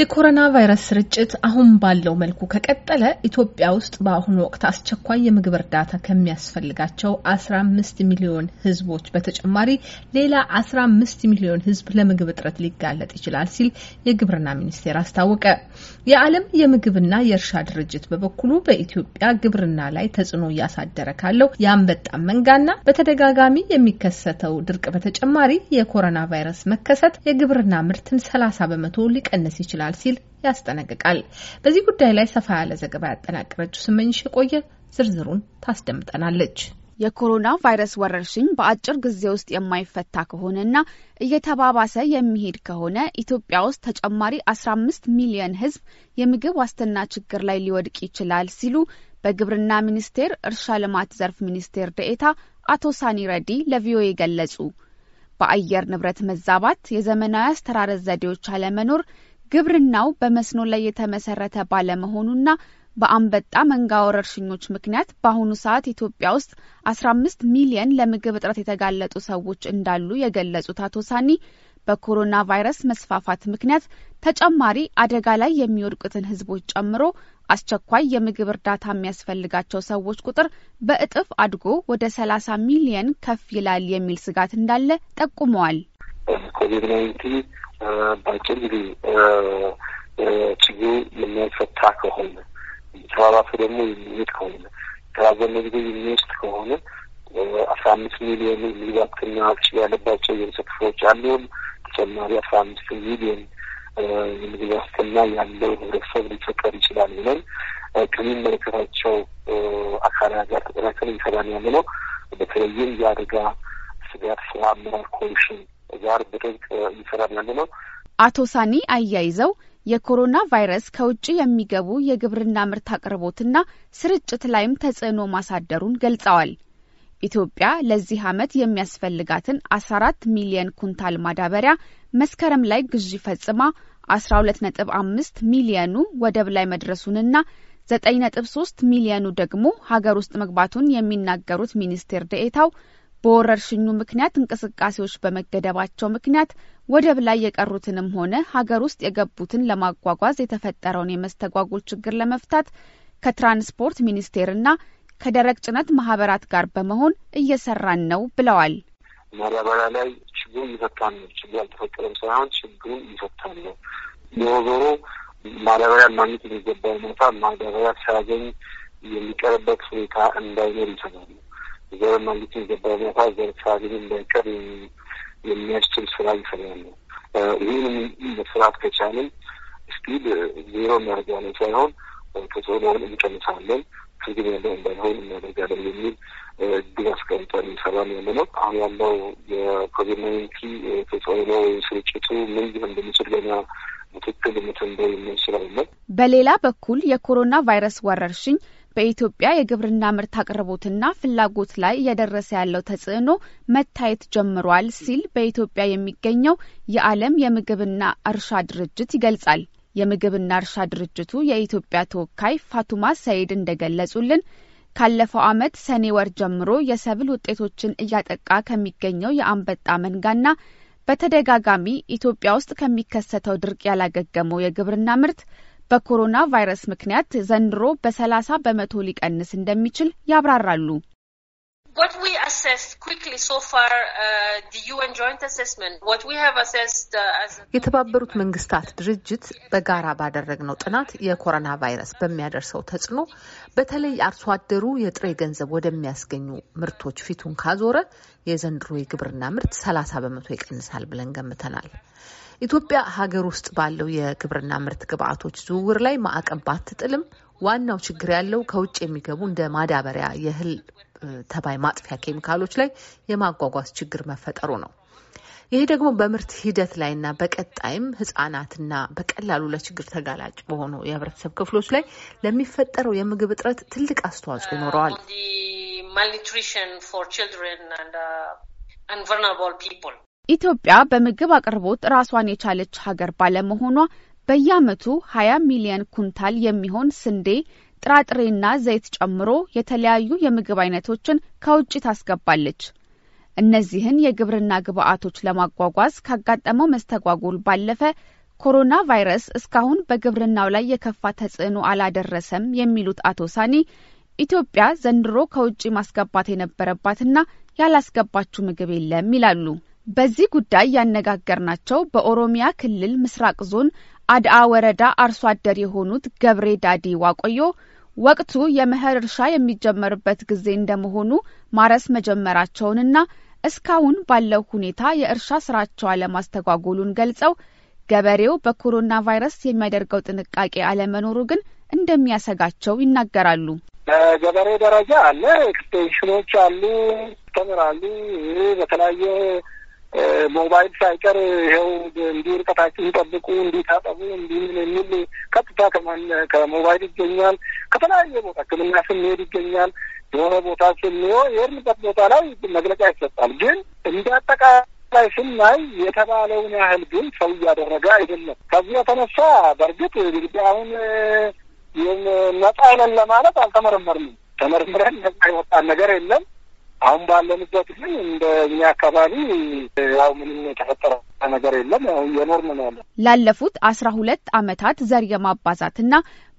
የኮሮና ቫይረስ ስርጭት አሁን ባለው መልኩ ከቀጠለ ኢትዮጵያ ውስጥ በአሁኑ ወቅት አስቸኳይ የምግብ እርዳታ ከሚያስፈልጋቸው 15 ሚሊዮን ሕዝቦች በተጨማሪ ሌላ 15 ሚሊዮን ሕዝብ ለምግብ እጥረት ሊጋለጥ ይችላል ሲል የግብርና ሚኒስቴር አስታወቀ። የዓለም የምግብና የእርሻ ድርጅት በበኩሉ በኢትዮጵያ ግብርና ላይ ተጽዕኖ እያሳደረ ካለው የአንበጣ መንጋና በተደጋጋሚ የሚከሰተው ድርቅ በተጨማሪ የኮሮና ቫይረስ መከሰት የግብርና ምርትን 30 በመቶ ሊቀንስ ይችላል ይሆናል ሲል ያስጠነቅቃል። በዚህ ጉዳይ ላይ ሰፋ ያለ ዘገባ ያጠናቀረችው ስመኝሽ የቆየ ዝርዝሩን ታስደምጠናለች። የኮሮና ቫይረስ ወረርሽኝ በአጭር ጊዜ ውስጥ የማይፈታ ከሆነና እየተባባሰ የሚሄድ ከሆነ ኢትዮጵያ ውስጥ ተጨማሪ 15 ሚሊዮን ሕዝብ የምግብ ዋስትና ችግር ላይ ሊወድቅ ይችላል ሲሉ በግብርና ሚኒስቴር እርሻ ልማት ዘርፍ ሚኒስቴር ደኤታ አቶ ሳኒ ረዲ ለቪኦኤ ገለጹ። በአየር ንብረት መዛባት፣ የዘመናዊ አስተራረስ ዘዴዎች አለመኖር፣ ግብርናው በመስኖ ላይ የተመሰረተ ባለመሆኑና በአንበጣ መንጋ ወረርሽኞች ምክንያት በአሁኑ ሰዓት ኢትዮጵያ ውስጥ አስራ አምስት ሚሊየን ለምግብ እጥረት የተጋለጡ ሰዎች እንዳሉ የገለጹት አቶ ሳኒ በኮሮና ቫይረስ መስፋፋት ምክንያት ተጨማሪ አደጋ ላይ የሚወድቁትን ሕዝቦች ጨምሮ አስቸኳይ የምግብ እርዳታ የሚያስፈልጋቸው ሰዎች ቁጥር በእጥፍ አድጎ ወደ ሰላሳ ሚሊየን ከፍ ይላል የሚል ስጋት እንዳለ ጠቁመዋል። ኮቪድ ናይንቲን በአጭር ጊዜ ችግሩ የሚያልፈታ ከሆነ ተባባሱ ደግሞ የሚሄድ ከሆነ ተባዘነ ጊዜ የሚወስድ ከሆነ አስራ አምስት ሚሊዮን ሊባክና ችግር ያለባቸው የህብረተሰብ ክፍሎች አለውም ተጨማሪ አስራ አምስት ሚሊዮን የምግብ ዋስትና ያለው ህብረተሰብ ሊፈጠር ይችላል ብለን ከሚመለከታቸው አካላት ጋር ተጠናክረን ይሰራን ያለ ነው። በተለይም የአደጋ ስጋት ስራ አመራር ኮሚሽን ጋር በጥብቅ እየሰራን ያለ ነው። አቶ ሳኒ አያይዘው የኮሮና ቫይረስ ከውጭ የሚገቡ የግብርና ምርት አቅርቦትና ስርጭት ላይም ተጽዕኖ ማሳደሩን ገልጸዋል። ኢትዮጵያ ለዚህ ዓመት የሚያስፈልጋትን 14 ሚሊየን ኩንታል ማዳበሪያ መስከረም ላይ ግዢ ፈጽማ 12.5 ሚሊየኑ ወደብ ላይ መድረሱንና 9.3 ሚሊየኑ ደግሞ ሀገር ውስጥ መግባቱን የሚናገሩት ሚኒስቴር ደኤታው በወረርሽኙ ምክንያት እንቅስቃሴዎች በመገደባቸው ምክንያት ወደብ ላይ የቀሩትንም ሆነ ሀገር ውስጥ የገቡትን ለማጓጓዝ የተፈጠረውን የመስተጓጎል ችግር ለመፍታት ከትራንስፖርት ሚኒስቴርና ከደረቅ ጭነት ማህበራት ጋር በመሆን እየሰራን ነው ብለዋል። ማዳበሪያ ላይ ችግሩን እየፈታን ነው። ችግር አልተፈጠረም ሳይሆን ችግሩ እየፈታን ነው። ዞሮ ዞሮ ማዳበሪያ ማግኘት የሚገባ ሁኔታ ማዳበሪያ ሲያገኝ የሚቀርበት ሁኔታ እንዳይኖር ይሰራሉ። ሀገር መንግስት የሚገባ ቦታ ዘርቻግን የሚያስችል ስራ ይፈላሉ። ይህንም መስራት ከቻልን ስፒድ ዜሮ እናደርጋለን ሳይሆን ተጽዕኖውን እንቀንሳለን፣ ትርጉም ያለው እንዳይሆን እናደርጋለን የሚል እድል አስቀምጠን እንሰራን ያለ ነው። አሁን ያለው የኮቪድ ናይንቲን ተጽዕኖ ስርጭቱ ምን ሊሆን እንደሚችል ገና ምክትል ምትንበ የሚያስችል በሌላ በኩል የኮሮና ቫይረስ ወረርሽኝ በኢትዮጵያ የግብርና ምርት አቅርቦትና ፍላጎት ላይ እየደረሰ ያለው ተጽዕኖ መታየት ጀምሯል ሲል በኢትዮጵያ የሚገኘው የዓለም የምግብና እርሻ ድርጅት ይገልጻል። የምግብና እርሻ ድርጅቱ የኢትዮጵያ ተወካይ ፋቱማ ሰይድ እንደገለጹልን ካለፈው ዓመት ሰኔ ወር ጀምሮ የሰብል ውጤቶችን እያጠቃ ከሚገኘው የአንበጣ መንጋና በተደጋጋሚ ኢትዮጵያ ውስጥ ከሚከሰተው ድርቅ ያላገገመው የግብርና ምርት በኮሮና ቫይረስ ምክንያት ዘንድሮ በሰላሳ በመቶ ሊቀንስ እንደሚችል ያብራራሉ። የተባበሩት መንግስታት ድርጅት በጋራ ባደረግነው ጥናት የኮሮና ቫይረስ በሚያደርሰው ተጽዕኖ በተለይ አርሶ አደሩ የጥሬ ገንዘብ ወደሚያስገኙ ምርቶች ፊቱን ካዞረ የዘንድሮ የግብርና ምርት ሰላሳ በመቶ ይቀንሳል ብለን ገምተናል። ኢትዮጵያ ሀገር ውስጥ ባለው የግብርና ምርት ግብዓቶች ዝውውር ላይ ማዕቀብ ባትጥልም ዋናው ችግር ያለው ከውጭ የሚገቡ እንደ ማዳበሪያ፣ የእህል ተባይ ማጥፊያ ኬሚካሎች ላይ የማጓጓዝ ችግር መፈጠሩ ነው። ይህ ደግሞ በምርት ሂደት ላይና በቀጣይም ህጻናትና በቀላሉ ለችግር ተጋላጭ በሆኑ የህብረተሰብ ክፍሎች ላይ ለሚፈጠረው የምግብ እጥረት ትልቅ አስተዋጽኦ ይኖረዋል። ኢትዮጵያ በምግብ አቅርቦት ራሷን የቻለች ሀገር ባለመሆኗ በየዓመቱ 20 ሚሊዮን ኩንታል የሚሆን ስንዴ፣ ጥራጥሬና ዘይት ጨምሮ የተለያዩ የምግብ አይነቶችን ከውጭ ታስገባለች። እነዚህን የግብርና ግብዓቶች ለማጓጓዝ ካጋጠመው መስተጓጎል ባለፈ ኮሮና ቫይረስ እስካሁን በግብርናው ላይ የከፋ ተጽዕኖ አላደረሰም የሚሉት አቶ ሳኒ ኢትዮጵያ ዘንድሮ ከውጭ ማስገባት የነበረባትና ያላስገባችው ምግብ የለም ይላሉ። በዚህ ጉዳይ ያነጋገርናቸው በኦሮሚያ ክልል ምስራቅ ዞን አድአ ወረዳ አርሶ አደር የሆኑት ገብሬ ዳዲ ዋቆዮ ወቅቱ የመኸር እርሻ የሚጀመርበት ጊዜ እንደመሆኑ ማረስ መጀመራቸውንና እስካሁን ባለው ሁኔታ የእርሻ ስራቸው አለማስተጓጎሉን ገልጸው ገበሬው በኮሮና ቫይረስ የሚያደርገው ጥንቃቄ አለመኖሩ ግን እንደሚያሰጋቸው ይናገራሉ። በገበሬ ደረጃ አለ፣ ኤክስቴንሽኖች አሉ፣ ተምራሉ በተለያየ ሞባይል ሳይቀር ይኸው እንዲህ እርቀታችሁን ጠብቁ፣ እንዲህ ታጠቡ፣ እንዲህ ምን የሚል ቀጥታ ከሞባይል ይገኛል። ከተለያየ ቦታ ሕክምና ስንሄድ ይገኛል። የሆነ ቦታ ስንሆ የሄድንበት ቦታ ላይ መግለጫ ይሰጣል። ግን እንደ አጠቃላይ ስናይ የተባለውን ያህል ግን ሰው እያደረገ አይደለም። ከዚህ የተነሳ በእርግጥ እንግዲህ አሁን ነጻ ነን ለማለት አልተመረመርንም። ተመርምረን ነጻ የወጣን ነገር የለም። አሁን ባለንበት ግን እንደ እኛ አካባቢ ያው ምንም የተፈጠረ ነገር የለም። ያው እየኖርን ነው ያለ። ላለፉት አስራ ሁለት አመታት ዘር የማባዛትና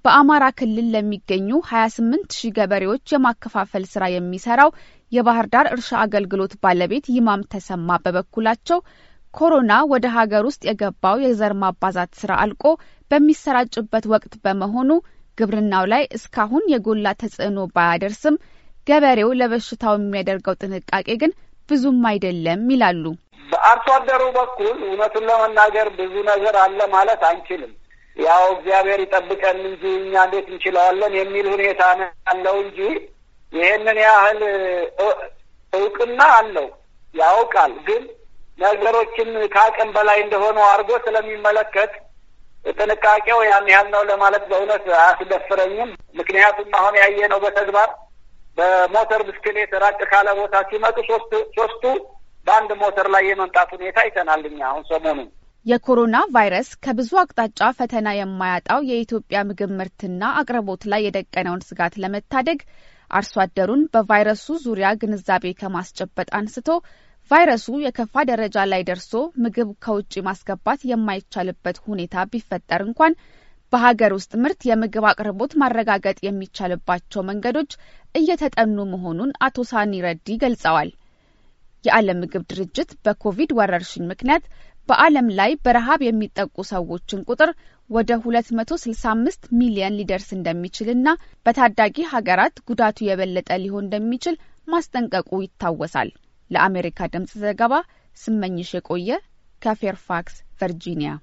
በአማራ ክልል ለሚገኙ ሀያ ስምንት ሺህ ገበሬዎች የማከፋፈል ስራ የሚሰራው የባህር ዳር እርሻ አገልግሎት ባለቤት ይማም ተሰማ በበኩላቸው ኮሮና ወደ ሀገር ውስጥ የገባው የዘር ማባዛት ስራ አልቆ በሚሰራጭበት ወቅት በመሆኑ ግብርናው ላይ እስካሁን የጎላ ተጽዕኖ ባያደርስም ገበሬው ለበሽታው የሚያደርገው ጥንቃቄ ግን ብዙም አይደለም ይላሉ። በአርሶ አደሩ በኩል እውነቱን ለመናገር ብዙ ነገር አለ ማለት አንችልም። ያው እግዚአብሔር ይጠብቀን እንጂ እኛ እንዴት እንችለዋለን የሚል ሁኔታ ነው ያለው እንጂ ይህንን ያህል እውቅና አለው ያውቃል። ግን ነገሮችን ከአቅም በላይ እንደሆነ አድርጎ ስለሚመለከት ጥንቃቄው ያን ያህል ነው ለማለት በእውነት አያስደፍረኝም። ምክንያቱም አሁን ያየ ነው በተግባር በሞተር ብስክሌት ራቅ ካለ ቦታ ሲመጡ ሶስቱ በአንድ ሞተር ላይ የመምጣት ሁኔታ አይተናል። እኛ አሁን ሰሞኑን የኮሮና ቫይረስ ከብዙ አቅጣጫ ፈተና የማያጣው የኢትዮጵያ ምግብ ምርትና አቅርቦት ላይ የደቀነውን ስጋት ለመታደግ አርሶ አደሩን በቫይረሱ ዙሪያ ግንዛቤ ከማስጨበጥ አንስቶ ቫይረሱ የከፋ ደረጃ ላይ ደርሶ ምግብ ከውጭ ማስገባት የማይቻልበት ሁኔታ ቢፈጠር እንኳን በሀገር ውስጥ ምርት የምግብ አቅርቦት ማረጋገጥ የሚቻልባቸው መንገዶች እየተጠኑ መሆኑን አቶ ሳኒ ረዲ ገልጸዋል። የዓለም ምግብ ድርጅት በኮቪድ ወረርሽኝ ምክንያት በዓለም ላይ በረሃብ የሚጠቁ ሰዎችን ቁጥር ወደ 265 ሚሊየን ሊደርስ እንደሚችልና በታዳጊ ሀገራት ጉዳቱ የበለጠ ሊሆን እንደሚችል ማስጠንቀቁ ይታወሳል። ለአሜሪካ ድምጽ ዘገባ ስመኝሽ የቆየ ከፌርፋክስ ቨርጂኒያ